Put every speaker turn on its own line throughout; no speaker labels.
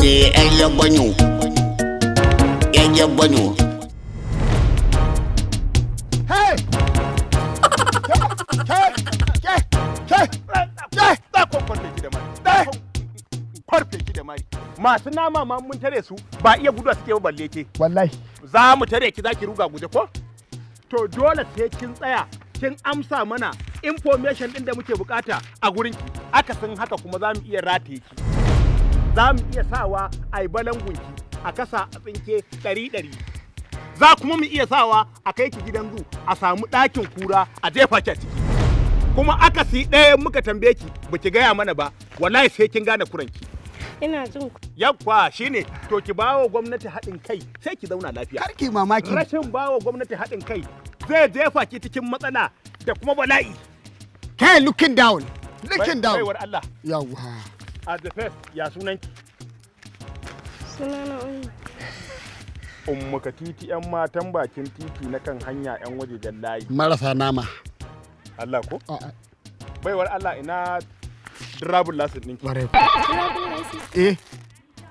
de ẹyẹ gbọnyù ẹyẹ gbọnyù.
masu nama ma mun tare su ba iya gudu suke ba balle ke wallahi za mu tare ki zaki ruga guje ko to dole sai kin tsaya kin amsa mana information din da muke bukata a gurin ki san haka kuma za mu iya rataye ki za mu iya sawa a yi gunki a kasa a tsinke ɗari ɗari za kuma mu iya sawa a kai ki gidan zu a samu ɗakin kura a jefa ki a ciki kuma aka si ɗaya muka tambaye ki ba ki gaya mana ba wallahi sai kin gane kuranki ina jin ku yakwa shine to ki bawa gwamnati haɗin kai sai ki zauna lafiya mamaki rashin bawa gwamnati haɗin kai zai jefa ki cikin matsala da kuma bala'i kai looking down looking down baiwar yawa at the first ya sunan sunanki sunana umma ka titi yan matan bakin titi na kan hanya yan waje dan layi
marasa nama
Allah ko a'a baiwar Allah ina drabul lasin ɗinki eh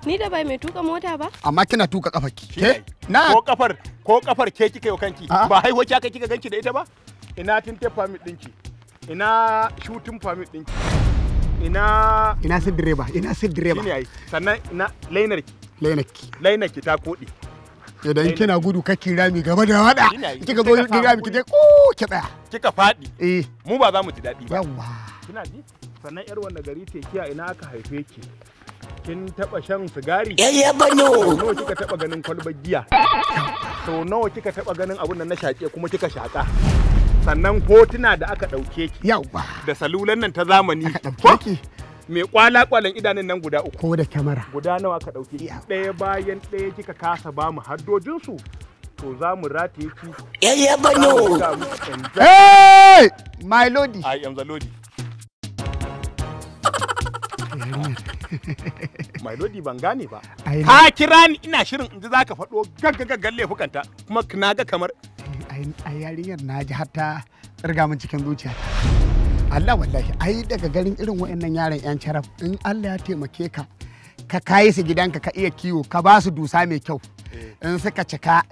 ni da bai mai tuka mota ba amma kina tuka kafar ki ke na ko kafar ko kafar ke kika yau kanki ba haihuwa kika kika ganki da ita ba ina tinte permit ɗinki ina shooting permit ɗinki ina
ina su direba ina su direba shine
ai sannan na lainarki lainarki lainarki ta kodi
idan kina gudu kake
rami gaba da wada kika zo ki rami ki ko ki tsaya kika fadi eh mu ba za mu ji dadi ba yawa kina ji sannan yar wanda gari ce kiya ina aka haife ki kin taba shan sigari ya banyo nawa kika taba ganin kwalbar giya sau nawa kika taba ganin abun nan na shaƙe kuma kika shaƙa sannan hotuna da aka ɗauke ki da salulan nan ta zamani ko ki mai kwala kwalan idanun nan guda uku ko da kyamara guda nawa aka ɗauke ki ɗaya bayan ɗaya kika kasa ba mu haddojinsu to za mu rataye ki yayya banyo
hey my lodi i
am the lodi mai lodi ban gane ba ka kira ni ina shirin in ji zaka faɗo gaggagaggan laifukanta kuma na ga kamar
a yarinyar na ji hata riga min cikin zuciya Allah wallahi ai daga garin irin wa'annan yaran yan carab in Allah ya taimake ka ka kayi su gidanka ka iya kiwo ka ba su dusa mai kyau eh. in suka cika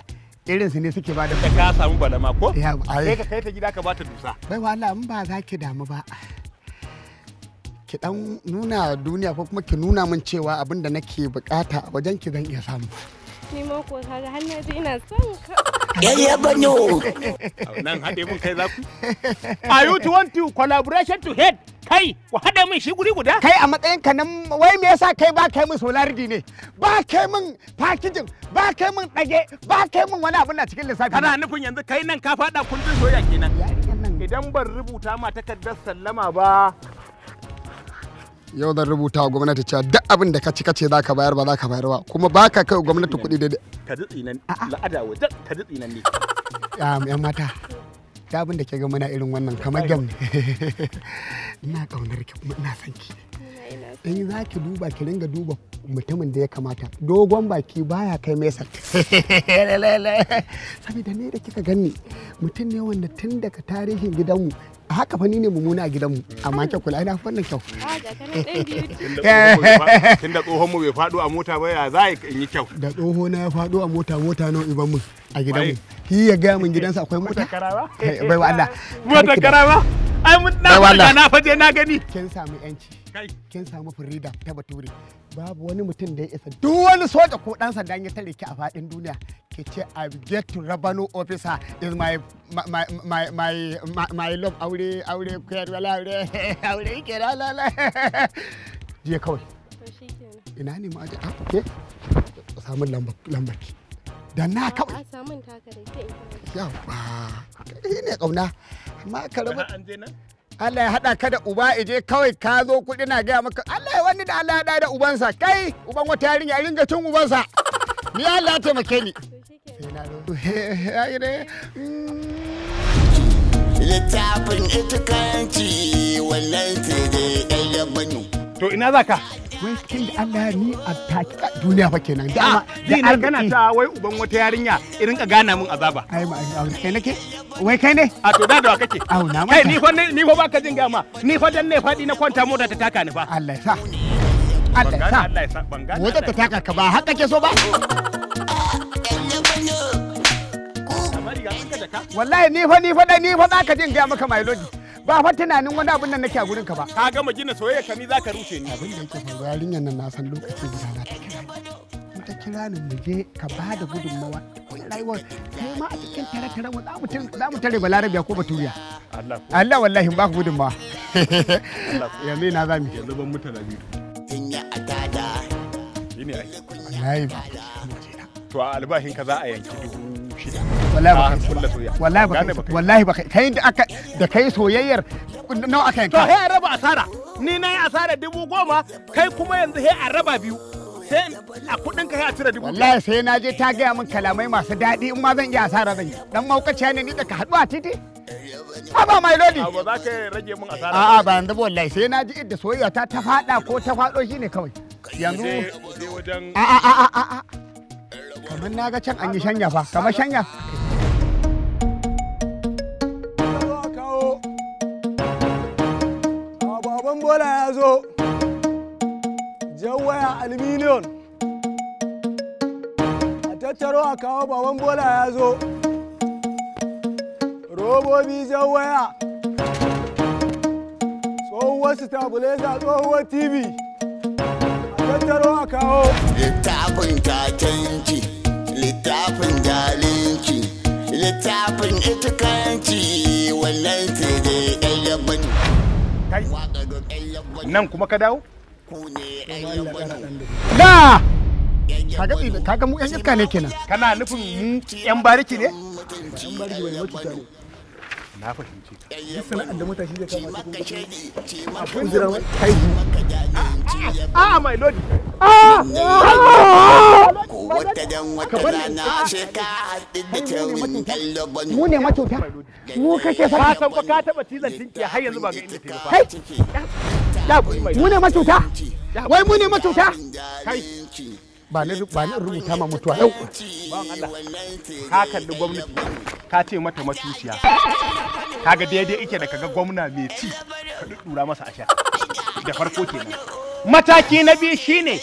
irin
su ne suke ba da ka samu balama ko sai ka kai ta gida ka ba ta dusa
bai wallahi in ba za ki damu ba ki dan nuna duniya ko kuma ki nuna min cewa abin da nake bukata wajen ki zan iya samu.
Ni ma ko kaga har na ji ina son ka. Yayya banyo. Nan haɗe mun kai za ku. to
want to collaboration to head? Kai, ku min shi guri guda? Kai a matsayin ka nan wai me yasa kai ba kai min solarity ne? Ba kai min packaging, ba kai min ɗage, ba kai min wani abin na
cikin lissafi. Kana nufin yanzu kai nan ka faɗa kundin soyayya kenan. Idan ban rubuta ma takardar sallama ba,
yau zan rubuta wa gwamnati cewa duk abin da ka ci kace za ka bayar ba za ka bayar ba kuma ba ka kai gwamnati kuɗi daidai.
ka ji tsinan la'ada wa ka ji tsinan ne.
yan mata abin da ke ga muna irin wannan kamar gam ina ƙaunar ki ina son ki. in za ki duba ki ringa duba mutumin da ya kamata dogon baki baya kai mesa saboda ne da kika ganni mutum ne wanda tun daga tarihin gidanmu haka fa ni ne mummuna a gidanmu amma kyau kula ina fannin kyau ah,
tun da tsohon mu bai faɗo a mota ba ya za in yi kyau da
tsoho na ya faɗo a mota mota nawa iban mu a gidanmu shi ya gaya min gidansa akwai mota bai wa Allah mota karawa ai mun na ga na faje na gani kin samu yanci kin samu freedom ta bature babu wani mutum da ya isa duk wani soja ko dan sanda ya tare ki a fadin duniya ke ce i get to revenue officer is my my my my my love aure aure wala aure aure ke la la la je kawai ina ne ma a ah, ke samu lambar da na kawai
a ke
yawa kauna ma ka rabu Allah ya haɗa ka da uba ije kawai ka zo kuɗi na gaya maka Allah ya wani da Allah ya haɗa da ubansa kai uban wata yarinya a ringa cin ubansa ni Allah ya taimake ni mm. littafin ita
wannan sai dai ɗayan labanu to ina za ka wai kin da Allah ni a taki duniya fa kenan ah, da na kana ta wai uban wata yarinya irin ka gana min azaba ai ma kai nake wai kai ne a to da da kake au na mata kai ni fa ni fa baka jin gama ni fa dan ne fadi na kwanta mota ta taka ni fa Allah ya sa Allah ya sa Allah ya sa ta taka ka ba haka ke so ba wallahi ni fa
ni fa dai ni fa zaka jin gaya maka my lord ba fa tunanin
wani abun nan nake a gurin ka ba ka gama gina soyayya ka ni zaka rushe ni abin da yake faruwa yarinyar nan na san lokacin
da za ta kira ni ta kira ni mu je ka ba da gudunmawa wallahi kai ma a cikin tare-tare za mu tare balarabiya ko baturiya Allah wallahi ba ku gudun ma
yanzu ina za mu yanzu ban mutu na biyu shi ne ai wallahi ba to a albashin ka za a yanki dubu shida
wallahi ba kai da aka da kai soyayyar nawa aka yanka to he
a raba asara ni na yi asara dubu goma kai kuma yanzu he a raba biyu sai a kuɗin ka a cire dubu wallahi sai
na je ta gaya min kalamai masu daɗi in ma zan iya asara zan yi dan maukaciya ne ni da ka haɗu a titi Haba mai lodi. Ba
za ka rage mun asara. A'a ba
yanzu wallahi sai na ji idda soyayya ta ta faɗa ko ta faɗo shi ne kawai. Yanzu.
A'a a'a a'a.
Kamar na ga can an yi shanya fa kamar shanya.
bola ya zo. jawaya alminiyon a tattaro a kawo baban bola ya zo robobi jawaya tsohuwar stabuleza tsohuwar tv a tattaro a kawo littafin kakanki littafin galinki littafin itikanci wannan sai dai ɗan nan kuma ka dawo ku da kaga mu iska ne kenan kana nufin mu ƴan bariki ne na fahimci sana'ar da mutashi zai kama jira kai a mai lodi
ka haɗu da kyawun mu ne mu kake ka san
ka taɓa har yanzu ba ga inda ta ba mu ne macuta
wai mu ne macuta
ba ni rubuta ma mutuwa yau ka kalli gwamnati ka ce mata matuciya ga daidai ike da kaga gwamna mai ci ka dudura masa a sha da farko kenan mataki na biyu shine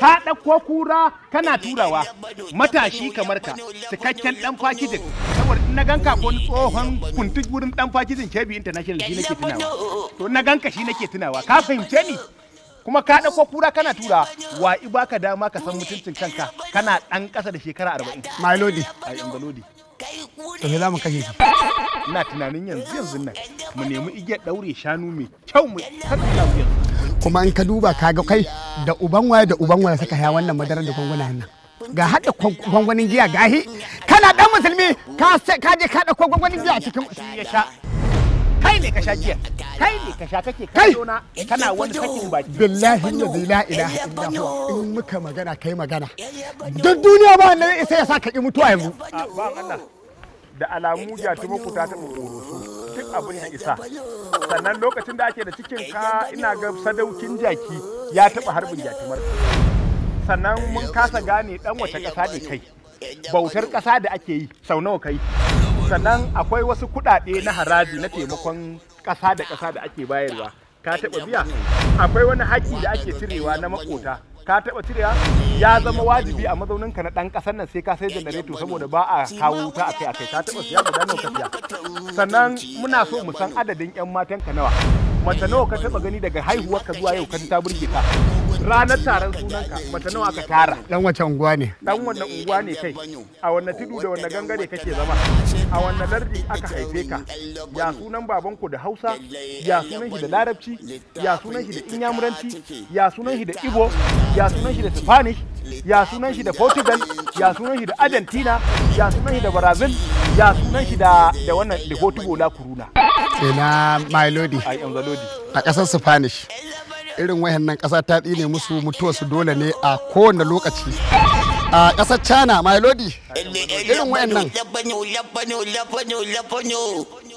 ka ɗauko kura kana turawa matashi kamar ka cikakken ɗan fakijin saboda na ganka ko tsohon kuntuj wurin dan fakizin kebi international shi nake tunawa to na ganka shi nake tunawa ka fahimce ni kuma ka ɗauko kura kana tura wa i baka dama ka san mutuncin kanka kana ɗan ƙasa da shekara arba'in. My lodi. Ai in lodi. To me za kashe shi? Ina tunanin yanzu yanzu nan mu nemi igiyar daure shanu mai kyau mu tattala mu
Kuma in ka duba ka ga kai da uban waya da uban waya suka haya wannan madarar da gwangwana nan. Ga haɗa gwangwanin giya gahi kana dan musulmi ka ka je ka dauko gwagwanin biya cikin ya sha kai ne ka sha giya kai
ne ka sha kake kai kana wani sakin baki billahi la ilaha illallah
in muka magana kai magana duk duniya ba nan isa ya saka ki mutuwa yanzu
ba Allah da alamu ya ci muku ta taɓa ƙoroso duk abin ya isa sannan lokacin da ake da cikin ka ina ga sadaukin jaki ya taɓa harbin jakimar sannan mun kasa gane ɗan wace ƙasa ne kai bautar ƙasa da ake yi sau nawa kai sannan akwai wasu kuɗaɗe na haraji na taimakon ƙasa da ƙasa da ake bayarwa ka taɓa biya akwai wani haƙƙi da ake cirewa na makota ka taɓa cirewa ya zama wajibi a mazauninka na ɗan ƙasar nan sai ka sai janareto saboda ba a kawo wuta a kai a kai ka taɓa siya da nawa ka siya sannan muna so mu san adadin 'yan matanka nawa mace nawa ka taɓa gani daga haihuwar ka zuwa yau kan ta burge ka ranar taron sunanka mace nawa ka tara
dan wace unguwa ne
dan wanne unguwa ne kai a wanne tudu da wanne gangare kake zama a wanne lardi aka haife ka ya sunan babanku da Hausa ya sunan shi da Larabci ya sunan shi da Inyamuranci ya sunan shi da Igbo ya sunan shi da Spanish ya sunan shi da Portugal ya sunan shi da Argentina ya sunan shi da Brazil ya sunan shi da da wannan da Portugal la Kuruna
ina my lodi i am the lodi a kasar Spanish irin wayannan ƙasa ta tsine musu mutuwa su dole ne a kowane lokaci a ƙasar china my lodi irin wayannan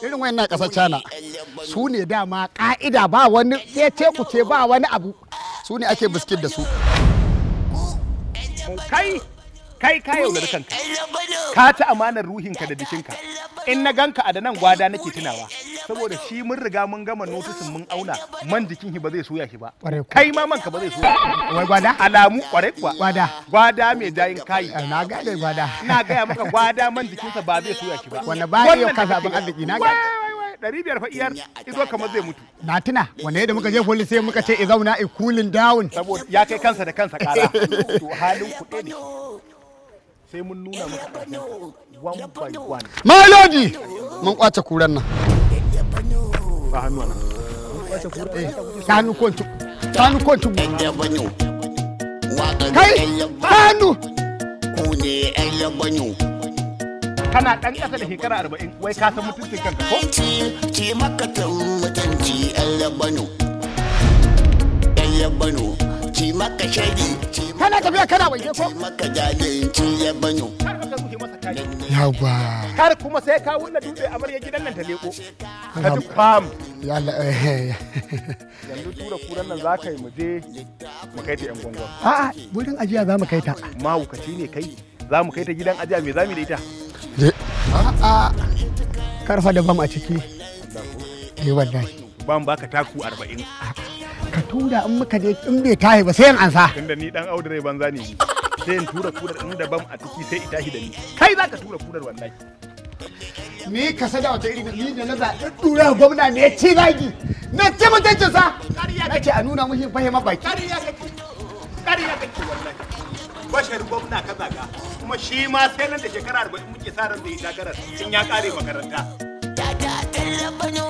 irin wayannan ƙasar china su ne dama ƙa'ida ba wani ya ce ku ce ba wani abu su ne ake biskit da su
kai kai ka yaudar kanka ka ta amanar ruhinka da jikinka in na ganka a da nan gwada nake tunawa saboda shi mun riga mun gama notisin mun auna man jikin shi ba zai soya shi ba kai ma manka ba zai soya wai gwada alamu kwarai kuwa gwada gwada mai dayin kai eh, na dai gwada ina gaya maka gwada man jikinsa ba zai soya shi ba wanda ba yau kasa abin arziki na ga ɗari biyar fa'iyar izo kamar zai mutu.
Na tuna wanda yadda muka je foli sai muka ce i zauna i kulin down.
Saboda ya kai kansa da kansa kara. To halin kuɗe ne. Sai mun nuna maka one by one.
Malodi! Mun kwace kuran nan.
ba hannu wannan
ta kai kana da shekara arba'in wai ka san mutuncin kanka ko ce makatan mutunci yan yabano yan yabano ce maka shaidi
kana tafiya kana waje ko ce maka
jajin ci yabano masa tari yawa
kar kuma sai ka wulla dutse amarya gidan nan ta leko ka ji ya yalla eh, eh, eh. yanzu tura kuran nan za ka yi mu je mu kai ta yan gwangwan a'a
wurin ajiya za mu kai ta
mahaukaci ne kai za mu kai ta gidan ajiya me za mu da ita
a'a karfa da bam a ciki
eh wallahi bam baka taku 40
ka tura in muka je in bai tahi ba sai an ansa
tunda ni dan audure banza ne sai in tura kudar in da bam a ciki sai ita shi da ni kai za ka tura kudar wallahi
ni ka sada wata iri ni da na zaɓi ɗura gwamna ne ci zagi na ce ce sa na ce a nuna mushi fahimar baki ƙarya kake
ƙarya kake wallahi bashar gwamna ka zaga kuma shi ma sai nan da shekara arba'in muke sa ran da yi takarar in ya kare makaranta.